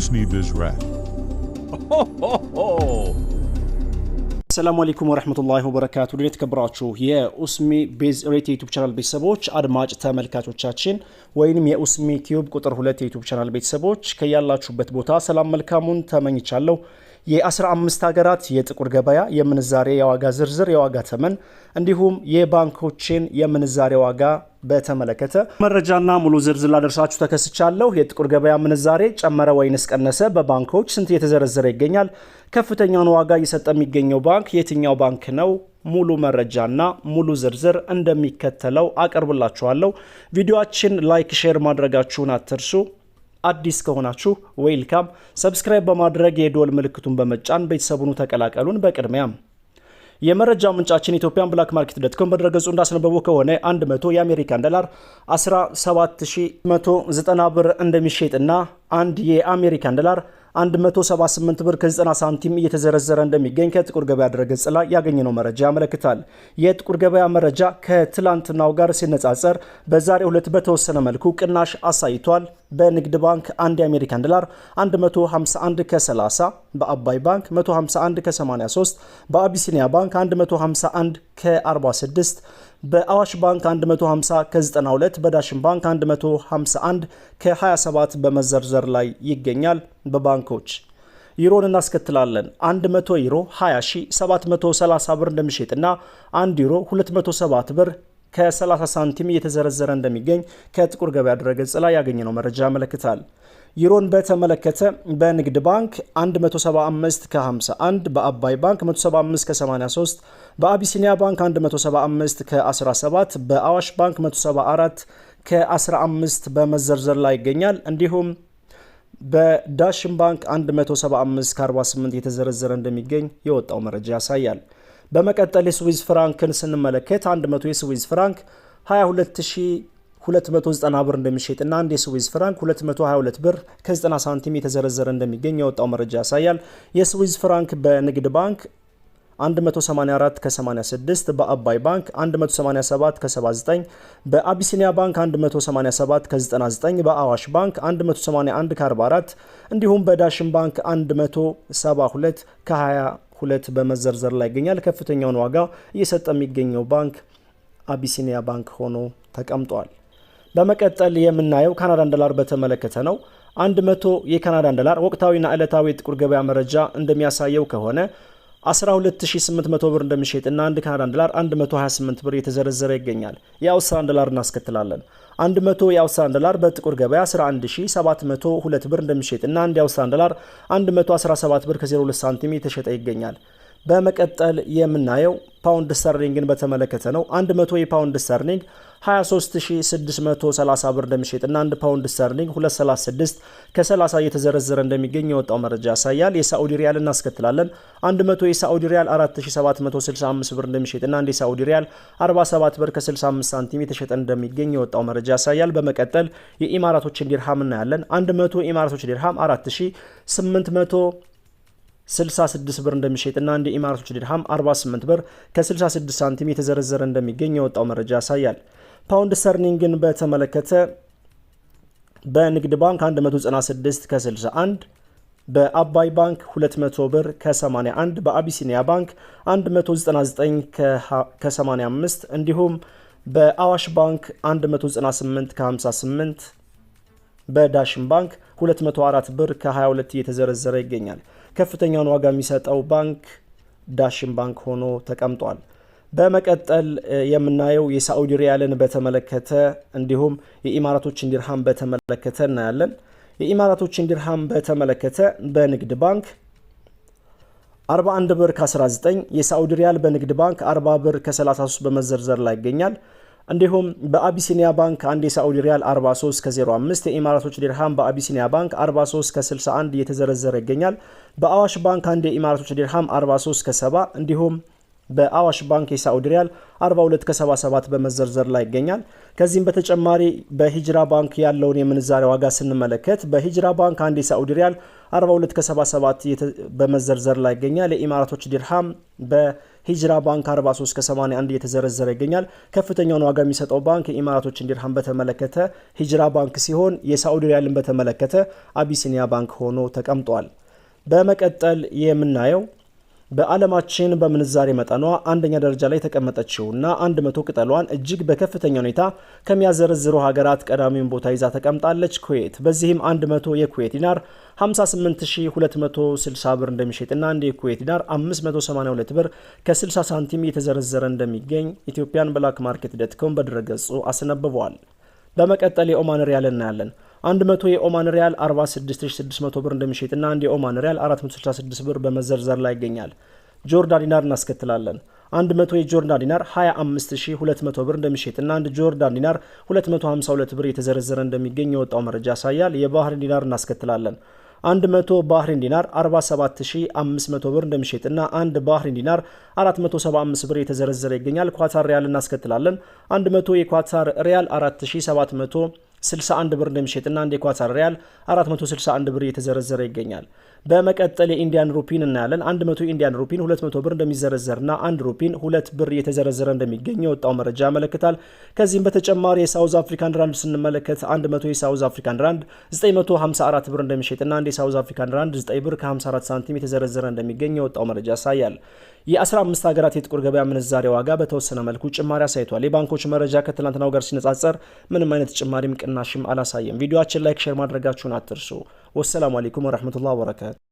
just need this rat. Ho, ho, ho. ሰላሙ አለይኩም ወረህመቱላሂ ወበረካቱ። ድን የተከበራችሁ የኡስሚ ቤዝ ሬት የዩቱብ ቻናል ቤተሰቦች አድማጭ ተመልካቾቻችን ወይም የኡስሚ ቲዩብ ቁጥር ሁለት የዩቱብ ቻናል ቤተሰቦች ከያላችሁበት ቦታ ሰላም መልካሙን ተመኝቻለሁ። የ15 ሀገራት የጥቁር ገበያ የምንዛሬ የዋጋ ዝርዝር የዋጋ ተመን እንዲሁም የባንኮችን የምንዛሬ ዋጋ በተመለከተ መረጃና ሙሉ ዝርዝር ላደርሳችሁ ተከስቻለሁ። የጥቁር ገበያ ምንዛሬ ጨመረ ወይንስ ቀነሰ? በባንኮች ስንት የተዘረዘረ ይገኛል? ከፍተኛውን ዋጋ እየሰጠ የሚገኘው ባንክ የትኛው ባንክ ነው? ሙሉ መረጃና ሙሉ ዝርዝር እንደሚከተለው አቀርብላችኋለሁ። ቪዲዮችን ላይክ፣ ሼር ማድረጋችሁን አትርሱ። አዲስ ከሆናችሁ ዌልካም፣ ሰብስክራይብ በማድረግ የዶል ምልክቱን በመጫን ቤተሰቡኑ ተቀላቀሉን። በቅድሚያም የመረጃ ምንጫችን ኢትዮጵያን ብላክ ማርኬት ዶት ኮም በድረገጹ እንዳስነበቡ ከሆነ 100 የአሜሪካን ዶላር 17190 ብር እንደሚሸጥና አንድ የአሜሪካን ዶላር 178 ብር ከ90 ሳንቲም እየተዘረዘረ እንደሚገኝ ከጥቁር ገበያ ድረገጽ ላይ ያገኘነው መረጃ ያመለክታል። የጥቁር ገበያ መረጃ ከትላንትናው ጋር ሲነጻጸር በዛሬ ሁለት በተወሰነ መልኩ ቅናሽ አሳይቷል። በንግድ ባንክ 1 የአሜሪካን ዶላር 151 ከ30፣ በአባይ ባንክ 151 ከ83፣ በአቢሲኒያ ባንክ 151 ከ46 በአዋሽ ባንክ 150 ከ92 በዳሽን ባንክ 151 ከ27 በመዘርዘር ላይ ይገኛል። በባንኮች ዩሮን እናስከትላለን። 100 ዩሮ 20730 ብር እንደሚሸጥና 1 ዩሮ 207 ብር ከ30 ሳንቲም እየተዘረዘረ እንደሚገኝ ከጥቁር ገበያ ድረገጽ ላይ ያገኘነው መረጃ ያመለክታል። ዩሮን በተመለከተ በንግድ ባንክ 175 ከ51፣ በአባይ ባንክ 175 ከ83፣ በአቢሲኒያ ባንክ 175 ከ17፣ በአዋሽ ባንክ 174 ከ15 በመዘርዘር ላይ ይገኛል። እንዲሁም በዳሽን ባንክ 175 ከ48 የተዘረዘረ እንደሚገኝ የወጣው መረጃ ያሳያል። በመቀጠል የስዊዝ ፍራንክን ስንመለከት 100 የስዊዝ ፍራንክ 22000 290 ብር እንደሚሸጥ እና አንድ የስዊዝ ፍራንክ 222 ብር ከ90 ሳንቲም የተዘረዘረ እንደሚገኝ የወጣው መረጃ ያሳያል። የስዊዝ ፍራንክ በንግድ ባንክ 184 ከ86 በአባይ ባንክ 187 ከ79 በአቢሲኒያ ባንክ 187 ከ99 በአዋሽ ባንክ 181 ከ44 እንዲሁም በዳሽን ባንክ 172 ከ22 በመዘርዘር ላይ ይገኛል። ከፍተኛውን ዋጋ እየሰጠ የሚገኘው ባንክ አቢሲኒያ ባንክ ሆኖ ተቀምጧል። በመቀጠል የምናየው ካናዳን ዶላር በተመለከተ ነው። 100 የካናዳን ዶላር ወቅታዊና ዕለታዊ የጥቁር ገበያ መረጃ እንደሚያሳየው ከሆነ 12800 ብር እንደሚሸጥና አንድ ካናዳን ዶላር 128 ብር የተዘረዘረ ይገኛል። የአውስትራን ዶላር እናስከትላለን። 100 የአውስትራን ዶላር በጥቁር ገበያ 11702 ብር እንደሚሸጥና አንድ የአውስትራን ዶላር 117 ብር ከ02 ሳንቲም የተሸጠ ይገኛል። በመቀጠል የምናየው ፓውንድ ስተርሊንግን በተመለከተ ነው። 100 የፓውንድ ስተርሊንግ 23630 ብር እንደሚሸጥ እንደሚሸጥና 1 ፓውንድ ስተርሊንግ 236 ከ30 እየተዘረዘረ እንደሚገኝ የወጣው መረጃ ያሳያል። የሳዑዲ ሪያል እናስከትላለን። 100 የሳዑዲ ሪያል 4765 ብር እንደሚሸጥ እንደሚሸጥና 1 የሳዑዲ ሪያል 47 ብር ከ65 ሳንቲም የተሸጠ እንደሚገኝ የወጣው መረጃ ያሳያል። በመቀጠል የኢማራቶችን ዲርሃም እናያለን። 100 የኢማራቶች ዲርሃም 4800 66 ብር እንደሚሸጥና እንደ የኢማራቶች ድርሃም 48 ብር ከ66 ሳንቲም የተዘረዘረ እንደሚገኝ የወጣው መረጃ ያሳያል። ፓውንድ ሰርኒንግን በተመለከተ በንግድ ባንክ 196 ከ61 በአባይ ባንክ 200 ብር ከ81 በአቢሲኒያ ባንክ 199 ከ85 እንዲሁም በአዋሽ ባንክ 198 ከ58 በዳሽን ባንክ 204 ብር ከ22 እየተዘረዘረ ይገኛል። ከፍተኛውን ዋጋ የሚሰጠው ባንክ ዳሽን ባንክ ሆኖ ተቀምጧል። በመቀጠል የምናየው የሳዑዲ ሪያልን በተመለከተ እንዲሁም የኢማራቶችን ዲርሃም በተመለከተ እናያለን። የኢማራቶችን ዲርሃም በተመለከተ በንግድ ባንክ 41 ብር ከ19 የሳዑዲ ሪያል በንግድ ባንክ 40 ብር ከ33 በመዘርዘር ላይ ይገኛል። እንዲሁም በአቢሲኒያ ባንክ አንድ የሳዑዲ ሪያል 43 ከ05 የኢማራቶች ዲርሃም በአቢሲኒያ ባንክ 43 ከ61 እየተዘረዘረ ይገኛል። በአዋሽ ባንክ አንድ የኢማራቶች ዲርሃም 43 ከ70 እንዲሁም በአዋሽ ባንክ የሳዑዲ ሪያል 42 ከ77 በመዘርዘር ላይ ይገኛል። ከዚህም በተጨማሪ በሂጅራ ባንክ ያለውን የምንዛሬ ዋጋ ስንመለከት በሂጅራ ባንክ አንድ የሳዑዲ ሪያል 42 ከ77 በመዘርዘር ላይ ይገኛል። የኢማራቶች ዲርሃም በሂጅራ ባንክ 43 ከ81 እየተዘረዘረ ይገኛል። ከፍተኛውን ዋጋ የሚሰጠው ባንክ የኢማራቶችን ዲርሃም በተመለከተ ሂጅራ ባንክ ሲሆን የሳዑዲ ሪያልን በተመለከተ አቢሲኒያ ባንክ ሆኖ ተቀምጧል። በመቀጠል የምናየው በዓለማችን በምንዛሬ መጠኗ አንደኛ ደረጃ ላይ የተቀመጠችውና አንድ መቶ ቅጠሏን እጅግ በከፍተኛ ሁኔታ ከሚያዘረዝሩ ሀገራት ቀዳሚውን ቦታ ይዛ ተቀምጣለች ኩዌት። በዚህም 100 የኩዌት ዲናር 58260 ብር እንደሚሸጥና አንድ የኩዌት ዲናር 582 ብር ከ60 ሳንቲም የተዘረዘረ እንደሚገኝ ኢትዮጵያን ብላክ ማርኬት ዶት ኮም በድረገጹ አስነብቧል። በመቀጠል የኦማን ሪያል እናያለን። 100 የኦማን ሪያል 46600 ብር እንደሚሸጥና አንድ የኦማን ሪያል 466 ብር በመዘርዘር ላይ ይገኛል። ጆርዳን ዲናር እናስከትላለን። 100 የጆርዳን ዲናር 25200 ብር እንደሚሸጥና አንድ ጆርዳን ዲናር 252 ብር የተዘረዘረ እንደሚገኝ የወጣው መረጃ ያሳያል። የባህሪን ዲናር እናስከትላለን። 100 ባህሪን ዲናር 47500 ብር እንደሚሸጥና አንድ ባህሪን ዲናር 475 ብር የተዘረዘረ ይገኛል። ኳታር ሪያል እናስከትላለን። 100 የኳታር ሪያል 4700 61 ብር እንደሚሸጥና አንድ የኳታር ሪያል 461 ብር እየተዘረዘረ ይገኛል። በመቀጠል የኢንዲያን ሩፒን እናያለን። 100 ኢንዲያን ሩፒን 200 ብር እንደሚዘረዘርና 1 ሩፒን 2 ብር እየተዘረዘረ እንደሚገኝ የወጣው መረጃ ያመለክታል። ከዚህም በተጨማሪ የሳውዝ አፍሪካን ራንድ ስንመለከት 100 የሳውዝ አፍሪካን ራንድ 954 ብር እንደሚሸጥና አንድ የሳውዝ አፍሪካን ራንድ 9 ብር ከ54 ሳንቲም የተዘረዘረ እንደሚገኝ የወጣው መረጃ ያሳያል። የ15 ሀገራት የጥቁር ገበያ ምንዛሬ ዋጋ በተወሰነ መልኩ ጭማሪ አሳይቷል። የባንኮች መረጃ ከትላንትናው ጋር ሲነጻጸር ምንም አይነት ጭማሪም ቅናሽም አላሳየም። ቪዲዮችን ላይክ፣ ሼር ማድረጋችሁን አትርሱ። ወሰላሙ አሌይኩም ወረህመቱላህ ወበረካቱ